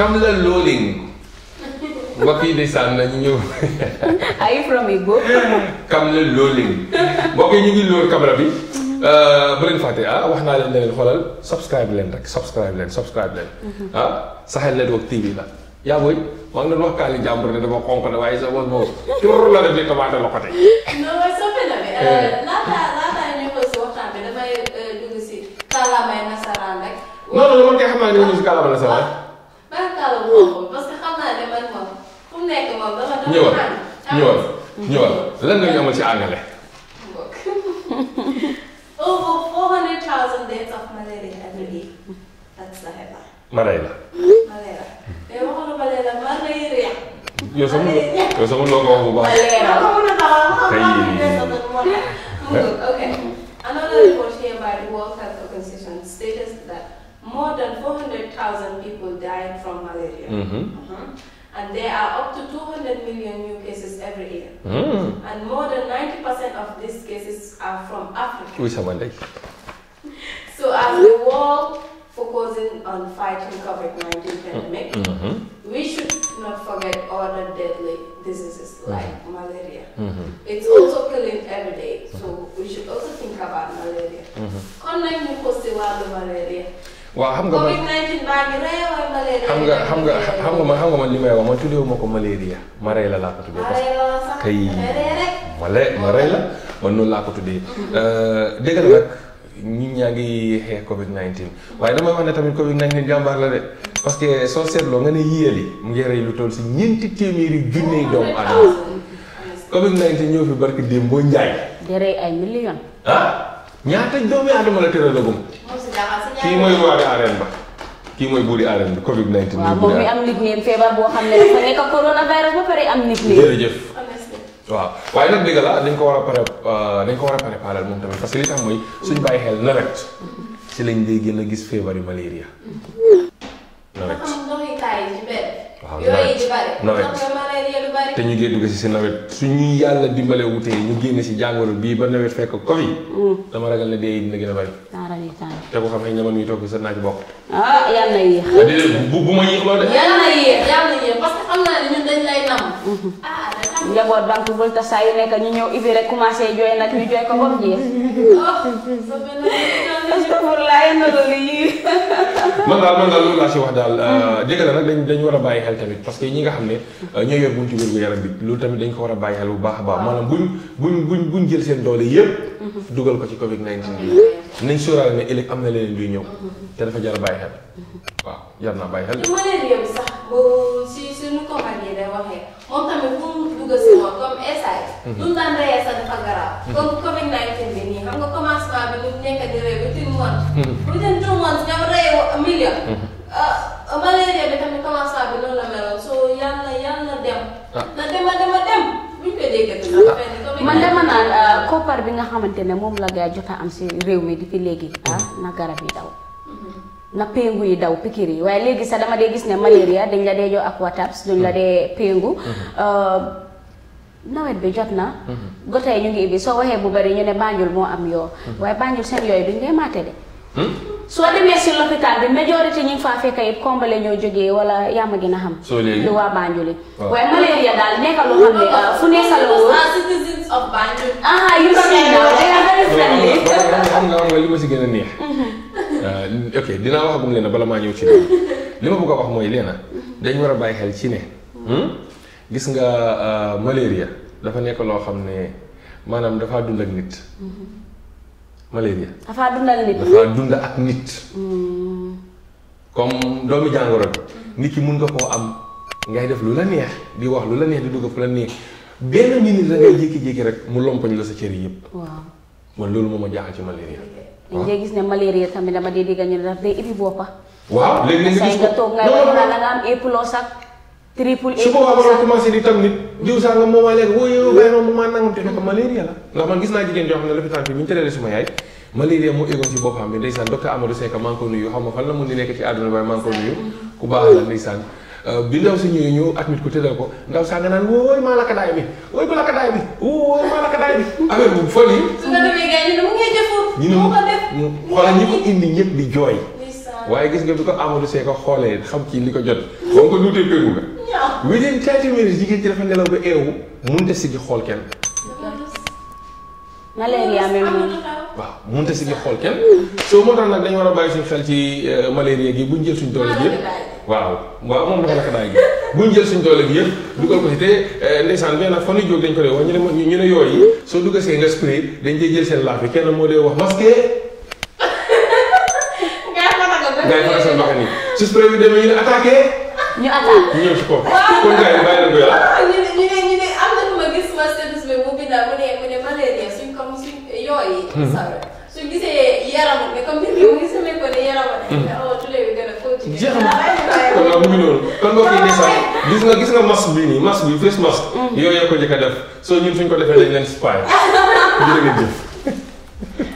kam la looling mbokk yi ndeysaan nañu ñëw. are you from Igbo. kam la looling mbokk yi ñu ngi lool caméra bi. Euh, bu leen fàtte ah, wax naa leen ne leen xoolal subscribe leen rek subscribe leen subscribe leen. ah Sahel Network TV la. yaa booy maa ngi leen wax kaali jàmbur ne dama xonk na waaye sa bopp moom la def di tomate loxote. non mais soppi na bi euh, eh. si waxtaan euh, nasaraan rek. non non man kay xam naa ne ñu si kàllaamay nasaraan. 牛啊！牛啊！牛啊！咱都要么吃安格嘞。哦，four hundred thousand dates of Malaya every day. That's the headline. Malaya. Malaya. 哎，我们聊 Malaya 马来西亚。有什么？有什么 logo 不？可以。and there are up to 200 million new cases every year. Mm. And more than 90% of these cases are from Africa. so as the world focusing on fighting COVID-19 pandemic, mm -hmm. we should not forget other deadly diseases mm-hmm. like mm -hmm. malaria. Mm-hmm. It's also killing every day, so we should also think about malaria. Mm-hmm. malaria. waaw xam nga man xam nga xam nga xam nga man xam nga man li may wax man tuddee ma ko malaria ma rey la laa ko tuddee ma le ma rey la man noonu laa ko tuddee euh, dëggal nag nit ñaa ngi xeex Covid 19 waaye damay wax ne tamit Covid 19 jàmbaar la de parce que soo seetloo nga ne yéel yi mu ngi rey lu toll si ñeenti téeméeri junne doomu aadama Covid 19 ñoo fi barki démb boo njaay. rey ay millions. Ah! ñaata doomi aadama la tëralagum. kii mooy roi de kii mooy buuri arène bi Covid 19. waaw moom mi feebar boo xam ne dafa ba pare am liggéeyam. jërëjëf. waaw waaye nag dëgg la dañ ko war a pare dañ euh, ko war a préparer moom tamit parce que li tax mooy suñ bàyyi xel nawet si lañ lay gën a gis feebari malaria. nawet. waaw nawet te ñu ngi dugg si si nawet suñuy yàlla dimbale ñu génn si jàngoro bii ba nawet fekk ko mm. dama ragal ne dee yi dina gën a bëri. te ko xam ne ñaman mi sa naaj bokk. ah yàlla na yéex. Ah, bu bu ma yàlla na yéex yàlla xam naa ne ñun dañ lay nam. Mm-hmm. ah njaboot banque bul saa yu nekk ñu ñëw ibi rek commencé jooy nag ñu jooy ko ba jeex. Oh, man daal man daal loolu laa wax daal dégg euh, la nag dañ dañ war a bàyyi xel tamit parce que ñi nga xam ne euh, ñoo yor buntu wér gu yaram bi loolu tamit dañ ko war a bàyyi xel bu baax a baax maanaam buñ buñ buñ buñ jël seen doole yépp mhm. dugal ko ci covid 19 bi mhm. nañ sóoraale ne ëllëg am na leneen luy ñëw mm-hmm. te dafa jar bàyyi xel waaw jar naa bàyyi xel. li ma leen yëm sax ba si suñu compagnie yi waxee moom tamit fu dugg si moom comme mm-hmm. mm-hmm. bi nii xam nga commencement bi ñu nekk di rey within month. within two months nga rey million. Ah, ah, malaria bi tamit commencement bi noonu la meloon soo yàlla yàlla dem. Ah. na dem a dem a dem buñ ko dégg. man dama naan. koppar bi nga xamante ne moom la gaa jot a am si réew mi depuis léegi ah na garab yi daw na péngu yi daw pikir yi waaye léegi sax dama dee gis ne malaria dañ la dee jox aquatabs duñ la dee péngu nawet bi jot na gote yi ñu ngi ibbi soo waxee bu bari ñu ne Banjul moo am yoo mm-hmm. waaye Banjul seen yooyu duñ lay maate de hmm? soo demee si lopitaan bi majorité ñi ngi faa fekk yëpp Kombale ñoo jógee wala yaa ma gën a xam. soo léegi lu waa Banjul. waaye malaria daal nekka loo xam ah, fu ne sa la citizens of Banjul. ah yu ko mel noonu da very friendly. xam nga xam nga li ma si gën a neex. Mm-hmm. Ah, ok dinaa wax gum leena bala ma ñëw ci loolu li ma bëgg a wax mooy leena dañ war a bàyyi xel ci ne. Hmm? gis nga ah, malaria dafa nekk loo xam ne maanaam dafa dund ak nit. Mm-hmm. malaria dafa dundal nit dafa dund ak nit comme doomi jangoro nit ki mën nga ko am ngay def lula la neex di wax lula la neex di dugg fu la neex benn minute da ngay jékki-jékki rek mu lompañ la sa cër yëpp waaw man loolu moom ma jaaxal ci malaria ngay gis ne malaria tamit dama dee dégg ñu daf day ibi boppa waaw léegi nga gis ko nga toog ngay wax nga am ak triple su boobaa waroon commencé di tam nit diw sàngam moo ma lekk wóoyoo ma mu maa nangam te fekk malaria la ndax man gis naa jigéen joo xam ne l'hôpital bi bu ñu tëralee suma yaay malaria moo égoon ci boppam bi ndeysaan docteur Amadou Seck maa ngi ko nuyu xam nga fan la mun di nekk ci àdduna waaye maa euh, naan wóoy maa lakk daay bi wóoy ko lakk daay bi wóoy maa lakk daay bi affaire bu fol yi su nga demee ñi ko indi ñëpp di jooy waaye gis nga bi ko Amadou Seck xoolee xam ci li ko jot xam nga duutee pégu within 30 minutes jigéen ci dafa nelaw ba eewu mënut a siggi xool kenn. malaria même noonu. waaw mënut a siggi xool kenn. soo moo tax nag dañu war a bàyyi suñu xel ci euh, malaria gi buñ jël suñ doole gi yëpp. waaw waaw moom dafa naka daay gi buñ jël suñu doole gi yëpp. dugal ko ci te euh, ndeysaan benn fan jóg dañ ko dee wax ñu ne ñu ne yooyu. soo dugg see nga spray dañ cee jël seen laaf yi kenn moo dee wax masqué. ngay faral di wax su spray bi demee ñu ne attaqué. ñu ñu ñëw si kaw kon gars yi bàyyi la ko yàlla. Ah, ñu ne ñu ne ñu ne am na ma gis ma mu bind mu mu ne malaria suñ comme suñ yooyu. Mhm. suñ gisee yaram bi ni mhm. oh, mu ngi semé ko ne yaram ne. awa tuulee bi gën a continué. jeex na gis nga gis nga mas bi mas bi face mas. Mhm. yooyu yaa ko njëkk a def soo ñun suñ ko defee dañ leen spy jërëjëf.